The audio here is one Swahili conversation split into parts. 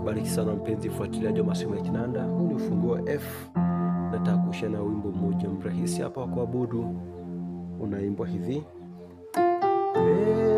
kubariki sana mpenzi mfuatiliaji wa masomo ya kinanda. Huu ni ufunguo wa F. Nataka kushia na wimbo mmoja mrahisi hapa wa kuabudu, unaimbwa hivi hey.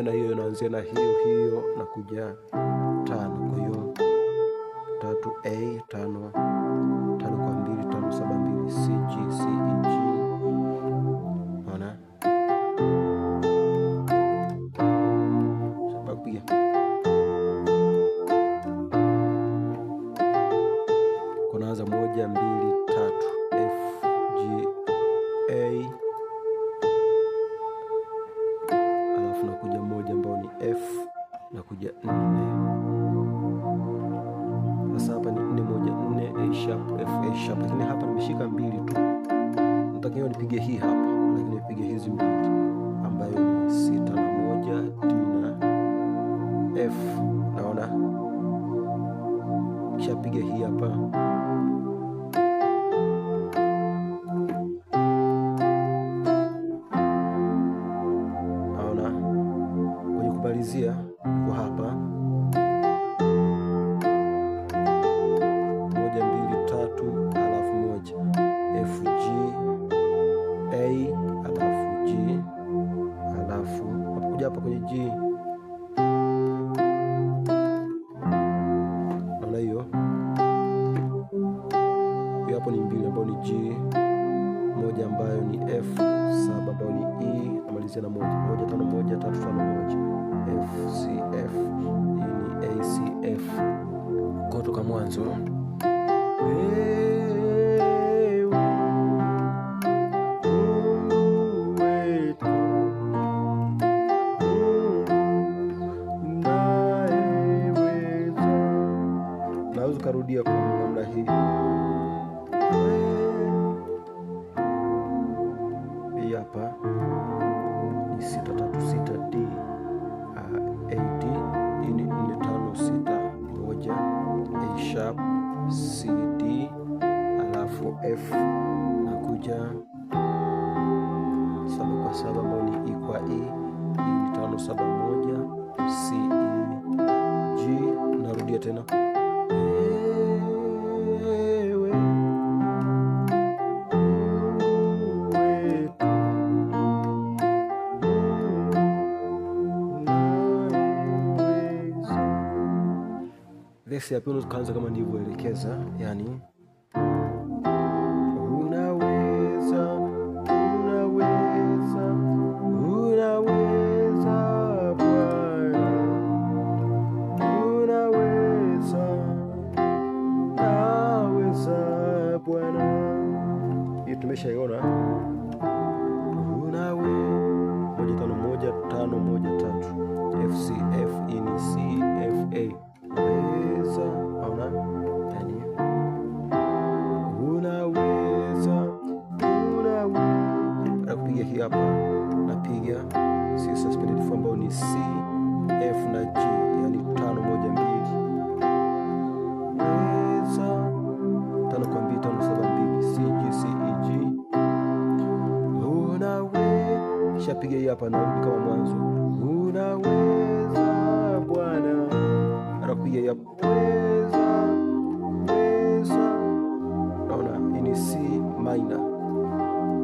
inaanzia na hiyo, inaanzia na hiyo hiyo na kuja tano. Kwa hiyo tatu a tano tano kwa mbili tano saba mbili C G C E G. Unaona sababu ya kunaanza moja mbili sharp, F A sharp, lakini hapa nimeshika mbili tu, natakiwa nipige hii hapa, lakini nipige hizi mbili ambayo ni sita na moja D na F. Naona kishapiga hii hapa 做。C, D alafu F nakuja saba kwa saba ambayo ni E kwa E, e ni tano saba moja C E G, narudia tena besi ya pili ukaanza kama nilivyoelekeza, yani unaweza unaweza Bwana tumeshaiona, unawe moja tano moja tano moja ambayo ni C, F na G, yani tano moja mbili eza tano kwa mbili tano saba mbili C G C E G. Unawe shapiga hii hapa na kama mwanzo, unaweza bwana, anakupiga hii hapa weza, weza. Naona hii C minor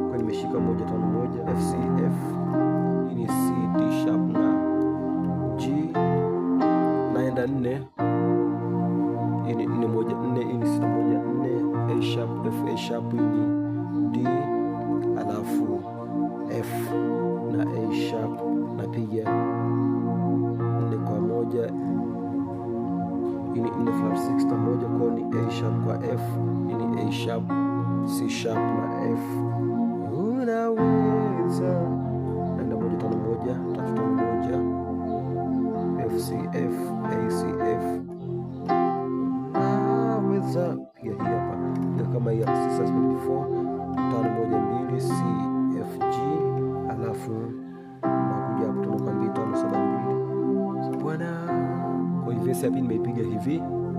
kwa nimeshika moja tano moja F C F ini nne flat 6 ta moja kwao ni A sharp kwa F. ini A sharp, C sharp na F. Unaweza nenda moja tano moja tatu tano moja F C F A C F. Naweza pia hii hapa ndio kama ya C sharp 4 tano moja mbili C F G alafu mimi sasa imepiga hivi